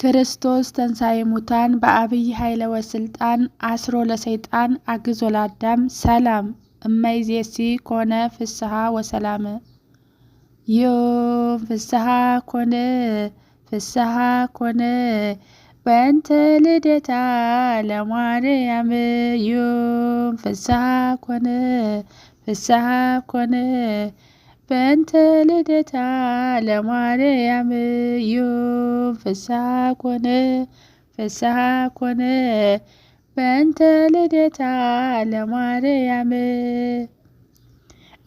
ክርስቶስ ተንሣኤ ሙታን በአብይ ኃይለ ወስልጣን አስሮ ለሰይጣን አግዞ ላዳም ሰላም እመይዜሲ ኮነ ፍስሐ ወሰላም ዮ ፍስሐ ኮነ ፍስሐ ኮነ በእንተ ልደታ ለማርያም ዮም ፍስሐ ኮነ ፍስሐ ኮነ በእንተ ልደታ ለማርያም እዩ ፍስሐ ኮነ ፍስሐ ኮነ በእንተ ልደታ ለማርያም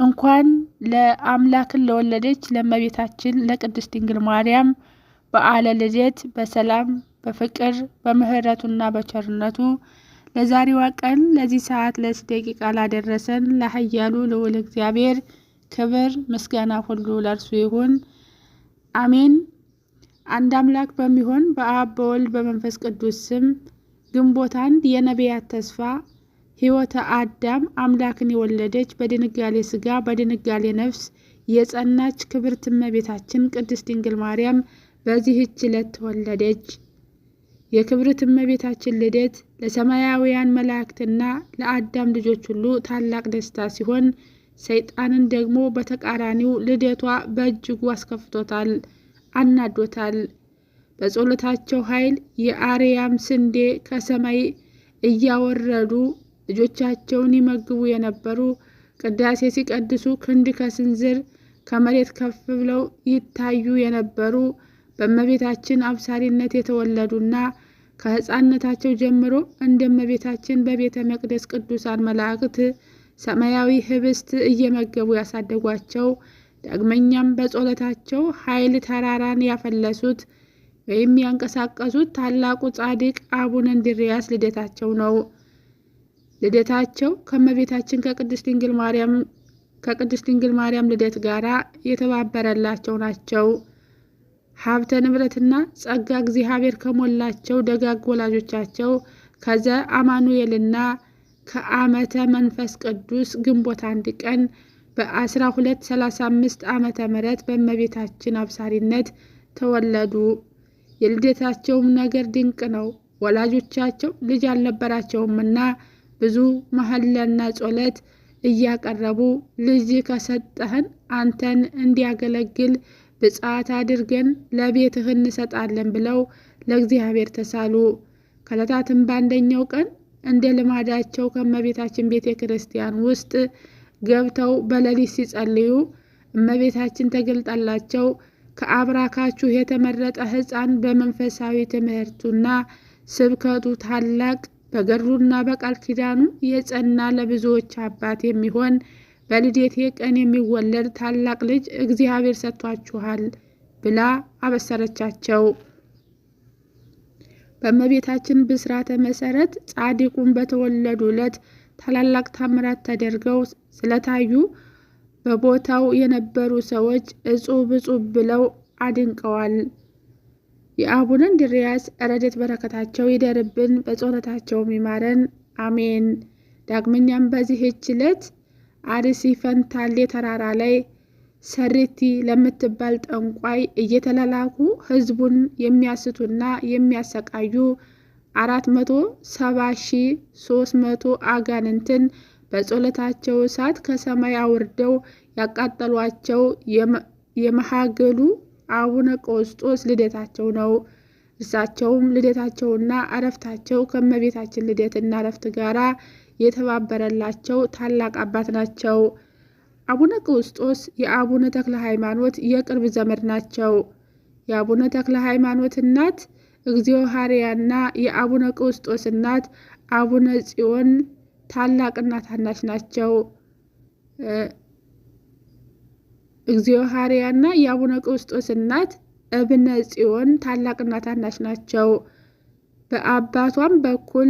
እንኳን ለአምላክን ለወለደች ለእመቤታችን ለቅድስት ድንግል ማርያም በዓለ ልደት በሰላም በፍቅር በምሕረቱና በቸርነቱ ለዛሬዋ ቀን ለዚህ ሰዓት ለዚህ ደቂቃ ላደረሰን ለኃያሉ ልዑል እግዚአብሔር ክብር ምስጋና ሁሉ ለእርሱ ይሁን፣ አሜን። አንድ አምላክ በሚሆን በአብ በወልድ በመንፈስ ቅዱስ ስም ግንቦት አንድ የነቢያት ተስፋ ሕይወተ አዳም አምላክን የወለደች በድንጋሌ ሥጋ በድንጋሌ ነፍስ የጸናች ክብርት እመቤታችን ቅድስት ድንግል ማርያም በዚህች ዕለት ተወለደች። የክብርት እመቤታችን ልደት ለሰማያውያን መላእክትና ለአዳም ልጆች ሁሉ ታላቅ ደስታ ሲሆን ሰይጣንን ደግሞ በተቃራኒው ልደቷ በእጅጉ አስከፍቶታል፣ አናዶታል። በጸሎታቸው ኃይል የአርያም ስንዴ ከሰማይ እያወረዱ ልጆቻቸውን ይመግቡ የነበሩ ቅዳሴ ሲቀድሱ ክንድ ከስንዝር ከመሬት ከፍ ብለው ይታዩ የነበሩ በእመቤታችን አብሳሪነት የተወለዱና ከሕፃንነታቸው ጀምሮ እንደ እመቤታችን በቤተ መቅደስ ቅዱሳን መላእክት ሰማያዊ ህብስት እየመገቡ ያሳደጓቸው ዳግመኛም በጸሎታቸው ኃይል ተራራን ያፈለሱት ወይም ያንቀሳቀሱት ታላቁ ጻድቅ አቡነ እንድርያስ ልደታቸው ነው። ልደታቸው ከመቤታችን ከቅድስት ድንግል ማርያም ከቅድስት ድንግል ማርያም ልደት ጋራ የተባበረላቸው ናቸው። ሀብተ ንብረትና ጸጋ እግዚአብሔር ከሞላቸው ደጋግ ወላጆቻቸው ከዘ አማኑኤልና ከዓመተ መንፈስ ቅዱስ ግንቦት አንድ ቀን በ1235 ዓመተ ምህረት በእመቤታችን አብሳሪነት ተወለዱ። የልደታቸውም ነገር ድንቅ ነው። ወላጆቻቸው ልጅ አልነበራቸውምና ብዙ መሐለና ጸሎት እያቀረቡ ልጅ ከሰጠህን አንተን እንዲያገለግል ብጻት አድርገን ለቤትህ እንሰጣለን ብለው ለእግዚአብሔር ተሳሉ። ከዕለታትም በአንደኛው ቀን እንደ ልማዳቸው ከእመቤታችን ቤተ ክርስቲያን ውስጥ ገብተው በሌሊት ሲጸልዩ እመቤታችን ተገልጣላቸው ከአብራካችሁ የተመረጠ ሕፃን በመንፈሳዊ ትምህርቱና ስብከቱ ታላቅ በገድሉና በቃል ኪዳኑ የጸና ለብዙዎች አባት የሚሆን በልደቴ ቀን የሚወለድ ታላቅ ልጅ እግዚአብሔር ሰጥቷችኋል ብላ አበሰረቻቸው። በእመቤታችን ብስራተ መሰረት ጻድቁን በተወለዱ ዕለት ታላላቅ ታምራት ተደርገው ስለታዩ በቦታው የነበሩ ሰዎች እጹብ እጹብ ብለው አድንቀዋል። የአቡነ እንድርያስ ረድኤት በረከታቸው ይደርብን፣ በጸሎታቸውም ይማረን፣ አሜን። ዳግመኛም በዚህች ዕለት አርሲ ፈንታሌ ተራራ ላይ ሰሪቲ ለምትባል ጠንቋይ እየተላላኩ ህዝቡን የሚያስቱና የሚያሰቃዩ 470 ሺህ 300 አጋንንትን በጸሎታቸው እሳት ከሰማይ አውርደው ያቃጠሏቸው የመሃገሉ አቡነ ቀውስጦስ ልደታቸው ነው። እርሳቸውም ልደታቸውና እረፍታቸው ከመቤታችን ልደትና እረፍት ጋራ የተባበረላቸው ታላቅ አባት ናቸው። አቡነ ቀውስጦስ የአቡነ ተክለ ሃይማኖት የቅርብ ዘመድ ናቸው። የአቡነ ተክለ ሃይማኖት እናት እግዚኦ ሐረያና የአቡነ ቀውስጦስ እናት አቡነ ጽዮን ታላቅና ታናሽ ናቸው። እግዚኦ ሐረያና የአቡነ ቀውስጦስ እናት እብነ ጽዮን ታላቅና ታናሽ ናቸው። በአባቷም በኩል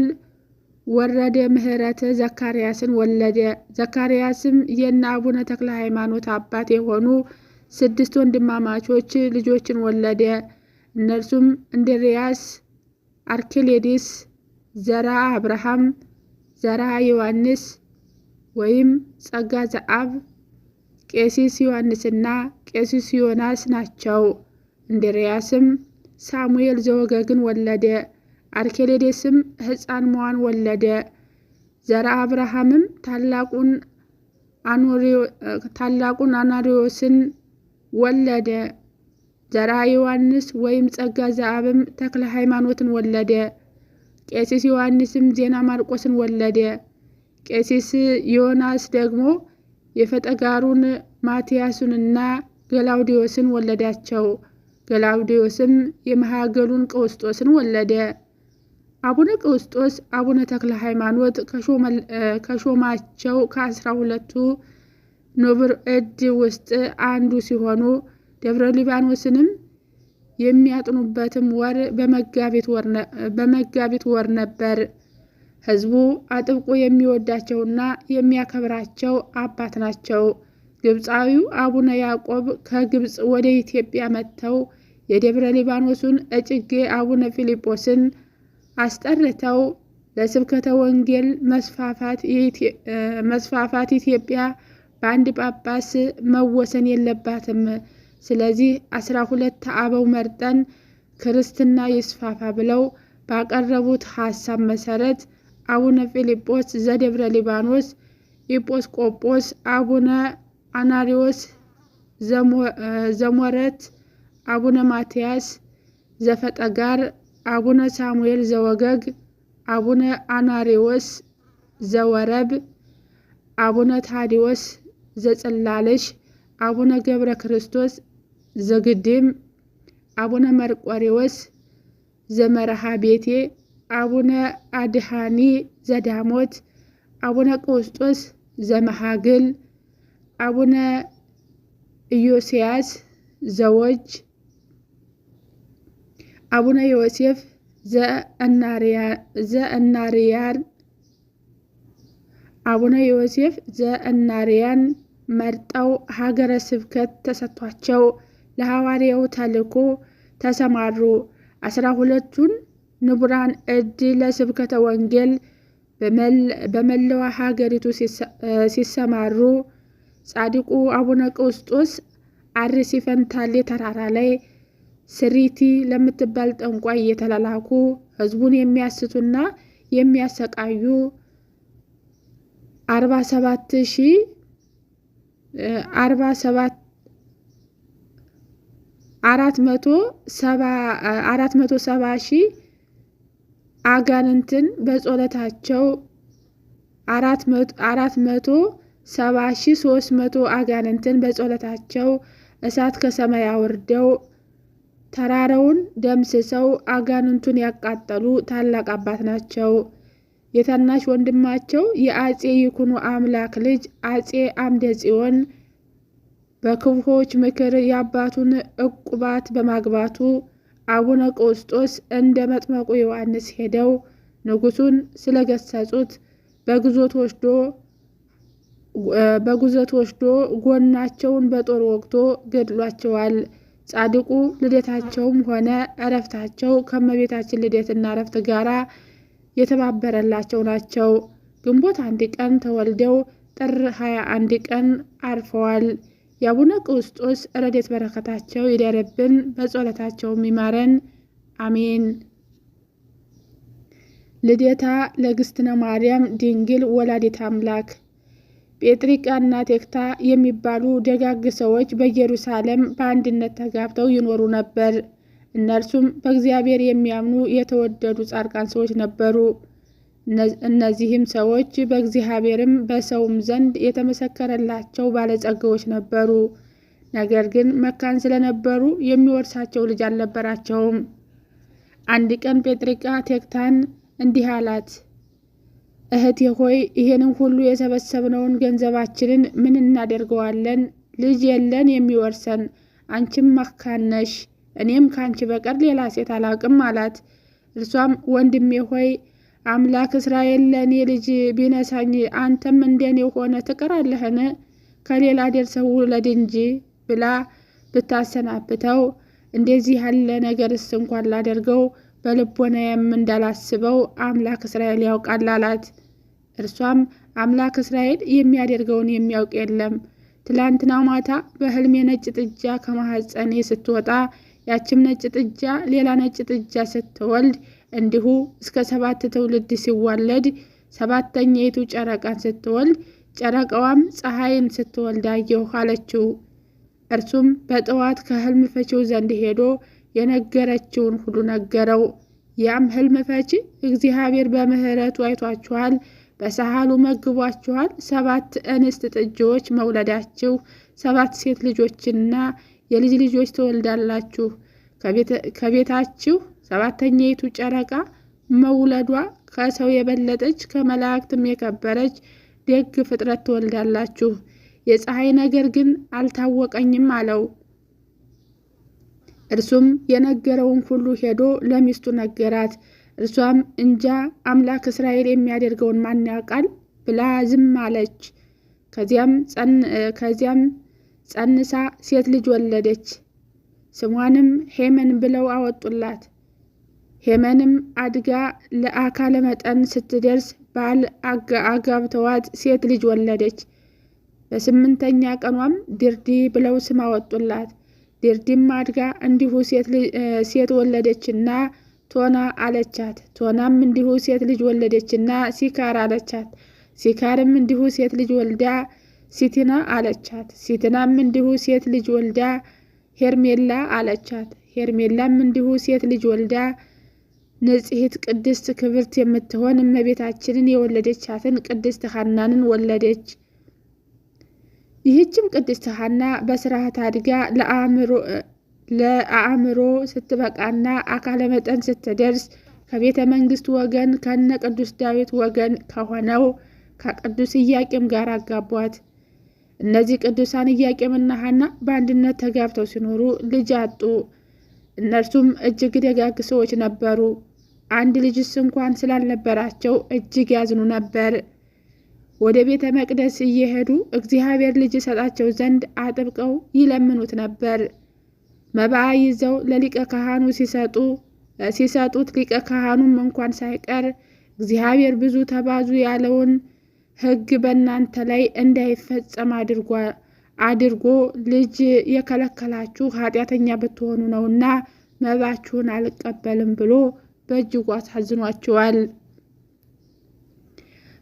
ወረደ ምህረተ ዘካርያስን ወለደ። ዘካርያስም የነ አቡነ ተክለ ሃይማኖት አባት የሆኑ ስድስት ወንድማማቾች ልጆችን ወለደ። እነርሱም እንድርያስ፣ አርኪሌዲስ፣ ዘራ አብርሃም፣ ዘራ ዮሐንስ ወይም ጸጋ ዘአብ፣ ቄሲስ ዮሐንስና ቄሲስ ዮናስ ናቸው። እንድርያስም ሳሙኤል ዘወገግን ወለደ። አርኬሌዴስም መዋን ወለደ። ዘረ አብርሃምም ታላቁን አናሪዎስን ወለደ። ዘራ ዮሐንስ ወይም ጸጋ ዘአብም ተክለ ሃይማኖትን ወለደ። ቄሲስ ዮሐንስም ዜና ማርቆስን ወለደ። ቄሲስ ዮናስ ደግሞ የፈጠጋሩን ማቲያሱንና ገላውዲዮስን ወለዳቸው። ገላውዲዮስም የመሃገሉን ቀውስጦስን ወለደ። አቡነ ቀውስጦስ አቡነ ተክለ ሃይማኖት ከሾማቸው ከአስራ ሁለቱ ኖብር እድ ውስጥ አንዱ ሲሆኑ ደብረ ሊባኖስንም የሚያጥኑበትም ወር በመጋቢት ወር ነበር። ህዝቡ አጥብቆ የሚወዳቸውና የሚያከብራቸው አባት ናቸው። ግብፃዊው አቡነ ያዕቆብ ከግብፅ ወደ ኢትዮጵያ መጥተው የደብረ ሊባኖሱን እጭጌ አቡነ ፊልጶስን አስጠርተው ለስብከተ ወንጌል መስፋፋት ኢትዮጵያ በአንድ ጳጳስ መወሰን የለባትም። ስለዚህ አስራ ሁለት አበው መርጠን ክርስትና ይስፋፋ ብለው ባቀረቡት ሀሳብ መሰረት አቡነ ፊልጶስ ዘደብረ ሊባኖስ ኢጶስቆጶስ፣ አቡነ አናሪዎስ ዘሞረት፣ አቡነ ማትያስ ዘፈጠጋር አቡነ ሳሙኤል ዘወገግ፣ አቡነ አናሬዎስ ዘወረብ፣ አቡነ ታዲዎስ ዘጽላልሽ፣ አቡነ ገብረ ክርስቶስ ዘግድም፣ አቡነ መርቆሪዎስ ዘመርሃ ቤቴ፣ አቡነ አድሃኒ ዘዳሞት፣ አቡነ ቆስጦስ ዘመሃግል፣ አቡነ ኢዮስያስ ዘወጅ አቡነ ዮሴፍ ዘእናርያን አቡነ ዮሴፍ ዘእናርያን መርጠው ሀገረ ስብከት ተሰጥቷቸው ለሐዋርያው ተልእኮ ተሰማሩ። አስራ ሁለቱን ንቡራን እድ ለስብከተ ወንጌል በመለዋ ሀገሪቱ ሲሰማሩ ጻድቁ አቡነ ቀውስጦስ አርሲ ፈንታሌ ተራራ ላይ ስሪቲ ለምትባል ጠንቋይ እየተላላኩ ህዝቡን የሚያስቱና የሚያሰቃዩ አርባ ሰባት ሺ አርባ ሰባት አራት መቶ ሰባ አራት መቶ ሰባ ሺ አጋንንትን በጾለታቸው አራት መቶ ሰባ ሺ ሶስት መቶ አጋንንትን በጾለታቸው እሳት ከሰማይ አውርደው ተራራውን ደምስሰው አጋንንቱን ያቃጠሉ ታላቅ አባት ናቸው። የታናሽ ወንድማቸው የአፄ ይኩኖ አምላክ ልጅ አፄ አምደ ጽዮን በክፉዎች ምክር የአባቱን እቁባት በማግባቱ አቡነ ቀውስጦስ እንደ መጥመቁ ዮሐንስ ሄደው ንጉሱን ስለገሰጹት በጉዘት ወስዶ ጎናቸውን በጦር ወግቶ ገድሏቸዋል። ጻድቁ ልደታቸውም ሆነ እረፍታቸው ከእመቤታችን ልደትና እረፍት ጋር የተባበረላቸው ናቸው። ግንቦት አንድ ቀን ተወልደው ጥር 21 ቀን አርፈዋል። የአቡነ ቀውስጦስ ረድኤት በረከታቸው ይደርብን፣ በጸሎታቸውም ይማረን፣ አሜን። ልደታ ለግስትነ ማርያም ድንግል ወላዲተ አምላክ ጴጥሪቃና ቴክታ የሚባሉ ደጋግ ሰዎች በኢየሩሳሌም በአንድነት ተጋብተው ይኖሩ ነበር። እነርሱም በእግዚአብሔር የሚያምኑ የተወደዱ ጻድቃን ሰዎች ነበሩ። እነዚህም ሰዎች በእግዚአብሔርም በሰውም ዘንድ የተመሰከረላቸው ባለጸጋዎች ነበሩ። ነገር ግን መካን ስለነበሩ የሚወርሳቸው ልጅ አልነበራቸውም። አንድ ቀን ጴጥሪቃ ቴክታን እንዲህ አላት፣ እህቴ ሆይ ይሄንን ሁሉ የሰበሰብነውን ገንዘባችንን ምን እናደርገዋለን? ልጅ የለን የሚወርሰን፣ አንቺም መካን እኔም ከአንቺ በቀር ሌላ ሴት አላውቅም አላት። እርሷም ወንድሜ ሆይ አምላክ እስራኤል ለእኔ ልጅ ቢነሳኝ አንተም እንደኔ የሆነ ትቀራለህን? ከሌላ ደርሰው ውለድ እንጂ ብላ ብታሰናብተው እንደዚህ ያለ ነገርስ እንኳን ላደርገው በልቦናዬም እንዳላስበው አምላክ እስራኤል ያውቃል አላት። እርሷም አምላክ እስራኤል የሚያደርገውን የሚያውቅ የለም። ትላንትና ማታ በህልም ነጭ ጥጃ ከማሐፀኔ ስትወጣ ያችም ነጭ ጥጃ ሌላ ነጭ ጥጃ ስትወልድ እንዲሁ እስከ ሰባት ትውልድ ሲዋለድ ሰባተኛይቱ ጨረቃን ስትወልድ ጨረቃዋም ፀሐይን ስትወልድ አየሁ አለችው። እርሱም በጠዋት ከህልም ፈቺው ዘንድ ሄዶ የነገረችውን ሁሉ ነገረው። ያም ህልም ፈቺ እግዚአብሔር በምህረቱ አይቷችኋል፣ በሳህሉ መግቧችኋል። ሰባት እንስት ጥጆች መውለዳችሁ፣ ሰባት ሴት ልጆችና የልጅ ልጆች ትወልዳላችሁ። ከቤታችሁ ሰባተኛይቱ ጨረቃ መውለዷ ከሰው የበለጠች ከመላእክትም የከበረች ደግ ፍጥረት ትወልዳላችሁ። የፀሐይ ነገር ግን አልታወቀኝም አለው። እርሱም የነገረውን ሁሉ ሄዶ ለሚስቱ ነገራት። እርሷም እንጃ አምላክ እስራኤል የሚያደርገውን ማን ያውቃል ብላ ዝም አለች። ከዚያም ጸንሳ ሴት ልጅ ወለደች። ስሟንም ሄመን ብለው አወጡላት። ሄመንም አድጋ ለአካለ መጠን ስትደርስ ባል አጋብተዋት ሴት ልጅ ወለደች። በስምንተኛ ቀኗም ድርዲ ብለው ስም አወጡላት። ድርድም አድጋ እንዲሁ ሴት ወለደችና ቶና አለቻት። ቶናም እንዲሁ ሴት ልጅ ወለደችና ሲካር አለቻት። ሲካርም እንዲሁ ሴት ልጅ ወልዳ ሲቲና አለቻት። ሲቲናም እንዲሁ ሴት ልጅ ወልዳ ሄርሜላ አለቻት። ሄርሜላም እንዲሁ ሴት ልጅ ወልዳ ንጽሕት ቅድስት ክብርት የምትሆን እመቤታችንን የወለደቻትን ቅድስት ሐናንን ወለደች። ይህችም ቅድስት ሐና በስርዓት አድጋ ለአእምሮ ስትበቃና አካለ መጠን ስትደርስ ከቤተ መንግስት ወገን ከነ ቅዱስ ዳዊት ወገን ከሆነው ከቅዱስ እያቄም ጋር አጋቧት። እነዚህ ቅዱሳን እያቄምና ሐና በአንድነት ተጋብተው ሲኖሩ ልጅ አጡ። እነርሱም እጅግ ደጋግ ሰዎች ነበሩ። አንድ ልጅስ እንኳን ስላልነበራቸው እጅግ ያዝኑ ነበር። ወደ ቤተ መቅደስ እየሄዱ እግዚአብሔር ልጅ ይሰጣቸው ዘንድ አጥብቀው ይለምኑት ነበር። መባ ይዘው ለሊቀ ካህኑ ሲሰጡ ሲሰጡት ሊቀ ካህኑም እንኳን ሳይቀር እግዚአብሔር ብዙ ተባዙ ያለውን ሕግ በእናንተ ላይ እንዳይፈጸም አድርጎ ልጅ የከለከላችሁ ኃጢአተኛ ብትሆኑ ነውና መባችሁን አልቀበልም ብሎ በእጅጉ አሳዝኗቸዋል።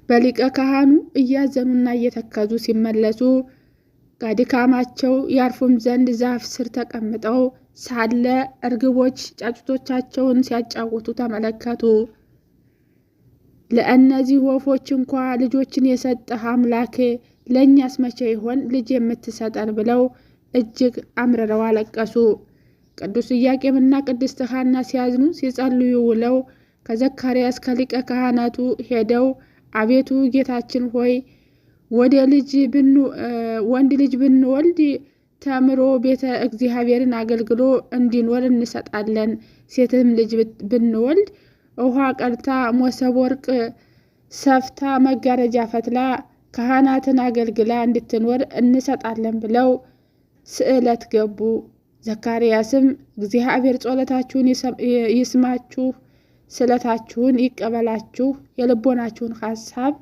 በሊቀ ካህኑ እያዘኑና እየተከዙ ሲመለሱ ከድካማቸው ያርፉም ዘንድ ዛፍ ስር ተቀምጠው ሳለ እርግቦች ጫጩቶቻቸውን ሲያጫወቱ ተመለከቱ። ለእነዚህ ወፎች እንኳ ልጆችን የሰጠህ አምላክ ለእኛስ መቼ ይሆን ልጅ የምትሰጠን? ብለው እጅግ አምርረው አለቀሱ። ቅዱስ ኢያቄምና ቅድስት ሐና ሲያዝኑ ሲጸልዩ ውለው ከዘካርያስ ከሊቀ ካህናቱ ሄደው አቤቱ ጌታችን ሆይ ወደ ልጅ ወንድ ልጅ ብንወልድ ተምሮ ቤተ እግዚአብሔርን አገልግሎ እንዲኖር እንሰጣለን። ሴትም ልጅ ብንወልድ ውሃ ቀድታ ሞሰብ ወርቅ ሰፍታ መጋረጃ ፈትላ ካህናትን አገልግላ እንድትኖር እንሰጣለን ብለው ስዕለት ገቡ። ዘካርያስም እግዚአብሔር ጸሎታችሁን ይስማችሁ ስለታችሁን ይቀበላችሁ፣ የልቦናችሁን ሀሳብ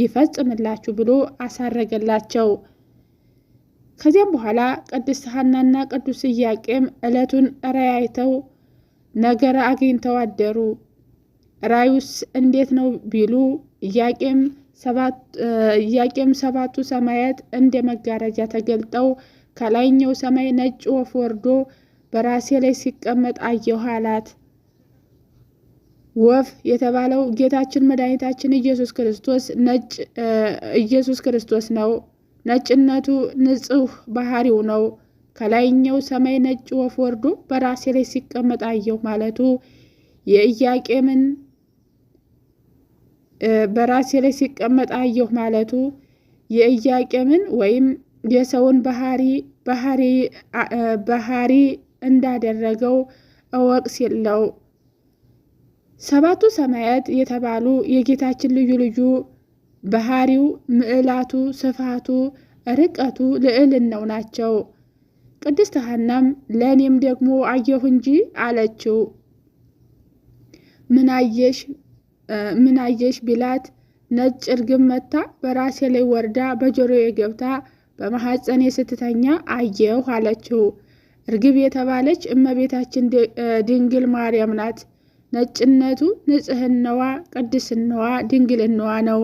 ይፈጽምላችሁ ብሎ አሳረገላቸው። ከዚያም በኋላ ቅድስት ሐናና ቅዱስ እያቄም ዕለቱን ረያይተው ነገር አግኝተው አደሩ። ራዩስ እንዴት ነው ቢሉ እያቄም ሰባቱ ሰማያት እንደ መጋረጃ ተገልጠው ከላይኛው ሰማይ ነጭ ወፍ ወርዶ በራሴ ላይ ሲቀመጥ አየሁ አላት። ወፍ የተባለው ጌታችን መድኃኒታችን ኢየሱስ ክርስቶስ ነጭ ኢየሱስ ክርስቶስ ነው። ነጭነቱ ንጹህ ባህሪው ነው። ከላይኛው ሰማይ ነጭ ወፍ ወርዶ በራሴ ላይ ሲቀመጥ አየሁ ማለቱ የኢያቄምን በራሴ ላይ ሲቀመጥ አየሁ ማለቱ የኢያቄምን ወይም የሰውን ባህሪ ባህሪ ባህሪ እንዳደረገው እወቅ ሲለው ሰባቱ ሰማያት የተባሉ የጌታችን ልዩ ልዩ ባህሪው፣ ምዕላቱ፣ ስፋቱ፣ ርቀቱ፣ ልዕልናው ናቸው። ቅድስት ሐናም ለእኔም ደግሞ አየሁ እንጂ አለችው። ምን አየሽ ቢላት ነጭ እርግብ መታ በራሴ ላይ ወርዳ በጆሮዬ ገብታ በማሐፀኔ ስትተኛ አየሁ አለችው። እርግብ የተባለች እመቤታችን ድንግል ማርያም ናት። ነጭነቱ ንጽህናዋ፣ ቅድስናዋ፣ ድንግልናዋ ነው።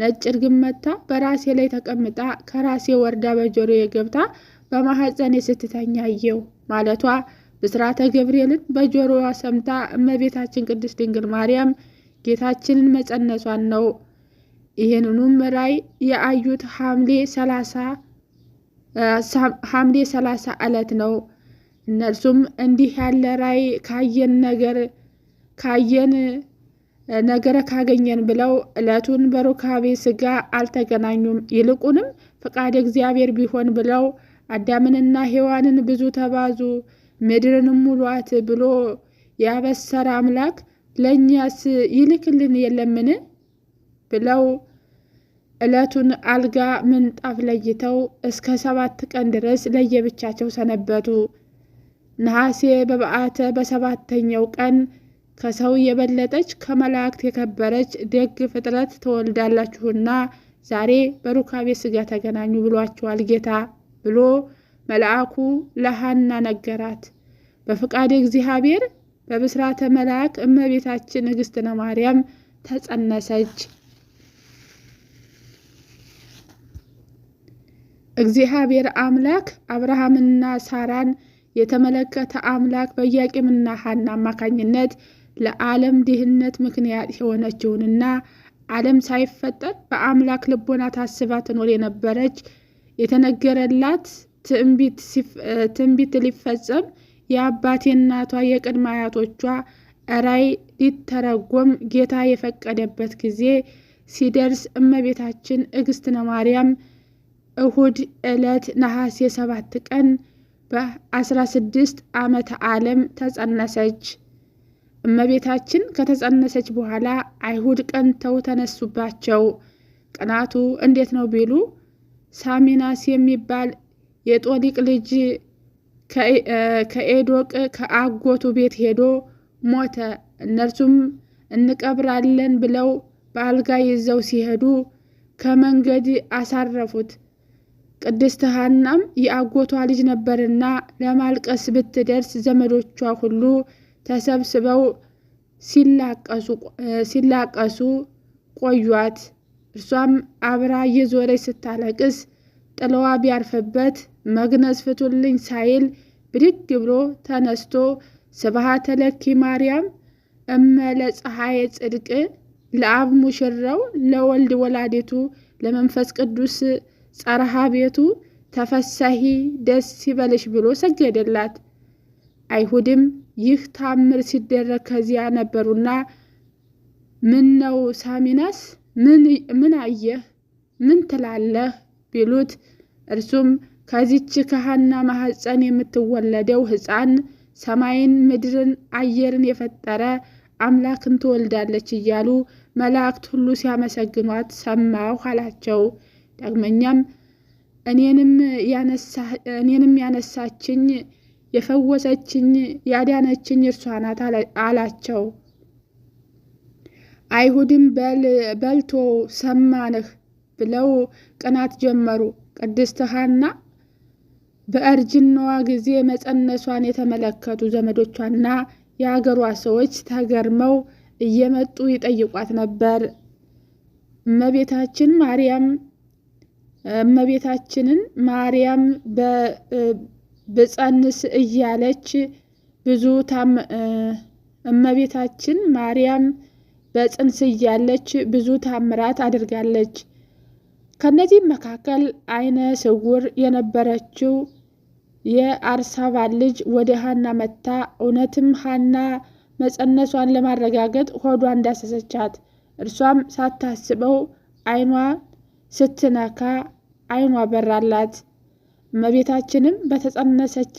ነጭ እርግብ በራሴ ላይ ተቀምጣ ከራሴ ወርዳ በጆሮ ገብታ በማኅፀኔ ስትተኛ አየሁ ማለቷ ብስራተ ገብርኤልን በጆሮዋ ሰምታ እመቤታችን ቅድስት ድንግል ማርያም ጌታችንን መጸነሷን ነው። ይህንኑም ራይ የአዩት ሐምሌ ሰላሳ ዕለት ነው። እነርሱም እንዲህ ያለ ራይ ካየን ነገር ካየን ነገረ ካገኘን ብለው ዕለቱን በሩካቤ ስጋ አልተገናኙም። ይልቁንም ፈቃድ እግዚአብሔር ቢሆን ብለው አዳምንና ሔዋንን ብዙ ተባዙ፣ ምድርንም ሙሏት ብሎ ያበሰረ አምላክ ለእኛስ ይልክልን የለምን ብለው ዕለቱን አልጋ ምንጣፍ ለይተው እስከ ሰባት ቀን ድረስ ለየብቻቸው ሰነበቱ። ነሐሴ በበዓተ በሰባተኛው ቀን ከሰው የበለጠች ከመላእክት የከበረች ደግ ፍጥረት ትወልዳላችሁና ዛሬ በሩካቤ ስጋ ተገናኙ ብሏችኋል ጌታ ብሎ መልአኩ ለሃና ነገራት። በፍቃድ እግዚአብሔር በብስራተ መልአክ እመቤታችን እግስትነ ማርያም ተጸነሰች። እግዚአብሔር አምላክ አብርሃምና ሳራን የተመለከተ አምላክ በኢያቄምና ሐና አማካኝነት ለዓለም ድህነት ምክንያት የሆነችውንና ዓለም ሳይፈጠር በአምላክ ልቦና ታስባ ትኖር የነበረች የተነገረላት ትንቢት ሊፈጸም የአባቴ እናቷ የቅድመ አያቶቿ እራይ ሊተረጎም ጌታ የፈቀደበት ጊዜ ሲደርስ እመቤታችን እግዝእትነ ማርያም እሁድ ዕለት ነሐሴ ሰባት ቀን በ16 ዓመተ ዓለም ተጸነሰች። እመቤታችን ከተጸነሰች በኋላ አይሁድ ቀንተው ተነሱባቸው። ቅናቱ እንዴት ነው ቢሉ ሳሚናስ የሚባል የጦሊቅ ልጅ ከኤዶቅ ከአጎቱ ቤት ሄዶ ሞተ። እነርሱም እንቀብራለን ብለው በአልጋ ይዘው ሲሄዱ ከመንገድ አሳረፉት። ቅድስት ሐናም የአጎቷ ልጅ ነበርና ለማልቀስ ብትደርስ ዘመዶቿ ሁሉ ተሰብስበው ሲላቀሱ ቆዩት። እርሷም አብራ እየዞረች ስታለቅስ ጥለዋ ቢያርፍበት መግነዝ ፍቱልኝ ሳይል ብድግ ብሎ ተነስቶ ስብሐተ ለኪ ማርያም እመ ለፀሐየ ጽድቅ ለአብ ሙሽራው ለወልድ ወላዲቱ ለመንፈስ ቅዱስ ጸርሃ ቤቱ ተፈሳሂ ደስ ይበልሽ ብሎ ሰገደላት። አይሁድም ይህ ታምር ሲደረግ ከዚያ ነበሩና ምን ነው ሳሚናስ ምን አየህ? ምን ትላለህ? ቢሉት እርሱም ከዚች ከሐና ማኅፀን የምትወለደው ሕፃን ሰማይን ምድርን አየርን የፈጠረ አምላክን ትወልዳለች እያሉ መላእክት ሁሉ ሲያመሰግኗት ሰማሁ አላቸው። ዳግመኛም እኔንም ያነሳችኝ የፈወሰችኝ ያዳነችኝ እርሷ ናት አላቸው። አይሁድም በልቶ ሰማንህ ብለው ቅናት ጀመሩ። ቅድስት ሐና በእርጅናዋ ጊዜ መጸነሷን የተመለከቱ ዘመዶቿና የአገሯ ሰዎች ተገርመው እየመጡ ይጠይቋት ነበር። እመቤታችን ማርያም እመቤታችንን ማርያም ብጸንስ እያለች ብዙ እመቤታችን ማርያም በጽንስ እያለች ብዙ ታምራት አድርጋለች። ከነዚህም መካከል አይነ ስውር የነበረችው የአርሳባን ልጅ ወደ ሀና መታ እውነትም ሀና መጸነሷን ለማረጋገጥ ሆዷ እንዳሰሰቻት፣ እርሷም ሳታስበው አይኗ ስትነካ አይኗ በራላት። እመቤታችንም በተጸነሰች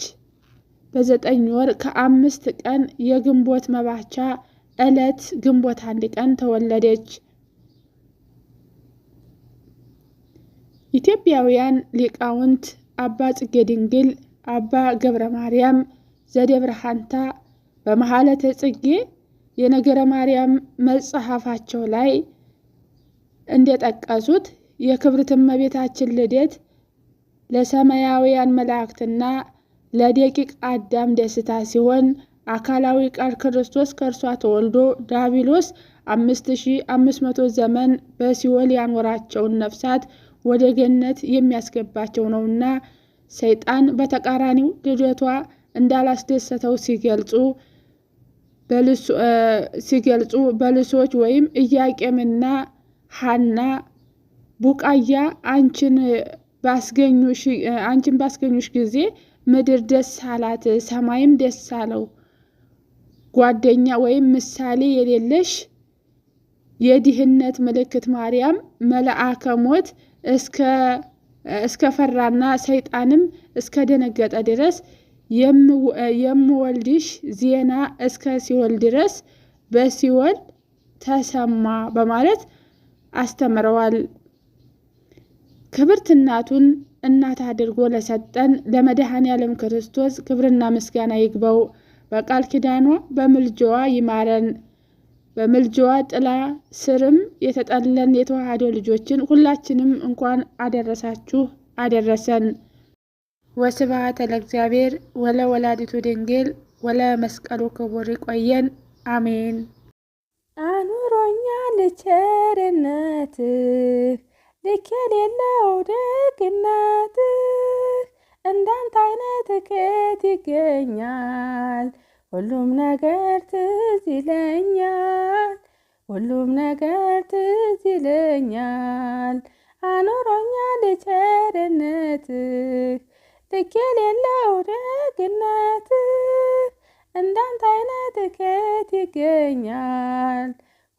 በዘጠኝ ወር ከአምስት ቀን የግንቦት መባቻ ዕለት ግንቦት አንድ ቀን ተወለደች። ኢትዮጵያውያን ሊቃውንት አባ ጽጌ ድንግል፣ አባ ገብረ ማርያም ዘደብረሃንታ በመሐለተ ጽጌ የነገረ ማርያም መጽሐፋቸው ላይ እንደጠቀሱት የክብርት እመቤታችን ልደት ለሰማያውያን መላእክትና ለደቂቅ አዳም ደስታ ሲሆን አካላዊ ቃል ክርስቶስ ከእርሷ ተወልዶ ዳቢሎስ 5500 ዘመን በሲኦል ያኖራቸውን ነፍሳት ወደ ገነት የሚያስገባቸው ነውና ሰይጣን በተቃራኒው ልደቷ እንዳላስደሰተው ሲገልጹ ሲገልጹ በልሶች ወይም እያቄምና ሃና ቡቃያ አንቺን አንቺን ባስገኙሽ ጊዜ ምድር ደስ አላት፣ ሰማይም ደስ አለው። ጓደኛ ወይም ምሳሌ የሌለሽ የድህነት ምልክት ማርያም መልአከ ሞት እስከ ፈራና ሰይጣንም እስከ ደነገጠ ድረስ የምወልድሽ ዜና እስከ ሲወል ድረስ በሲወል ተሰማ በማለት አስተምረዋል። ክብርት እናቱን እናት አድርጎ ለሰጠን ለመድኃኔ ዓለም ክርስቶስ ክብርና ምስጋና ይግባው። በቃል ኪዳኗ በምልጃዋ ይማረን። በምልጃዋ ጥላ ስርም የተጠለን የተዋህዶ ልጆችን ሁላችንም እንኳን አደረሳችሁ አደረሰን። ወስብሐት ለእግዚአብሔር ወለ ወላዲቱ ድንግል ወለ መስቀሉ ክቡር። ይቆየን። አሜን። አኑሮኛ ቸርነትህ ልክ የሌለው ደግነትህ እንዳንተ አይነት ከየት ይገኛል? ሁሉም ነገር ትዝ ይለኛል፣ ሁሉም ነገር ትዝ ይለኛል። አኖሮኛል ቸርነትህ ልክ የሌለው ደግነት እንዳንተ አይነት ከየት ይገኛል?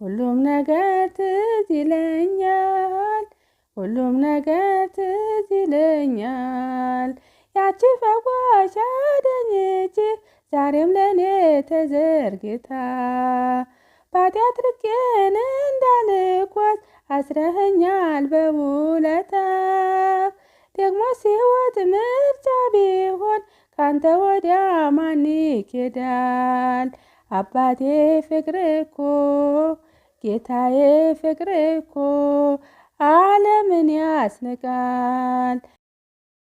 ሁሉም ነገር ትዝ ይለኛል ሁሉም ነገር ትዝ ይለኛል። ያቺ ፈዋሽ አዳኝች ዛሬም ለእኔ ተዘርግታ ባጢአት ርቄን እንዳልኳት አስረኸኛል በውለታ ደግሞ ሲወት ምርጫ ቢሆን ካንተ ወዲያ ማን ይኬዳል? አባቴ ፍቅር እኮ ጌታዬ ፍቅር እኮ ዓለምን ያስንቃል።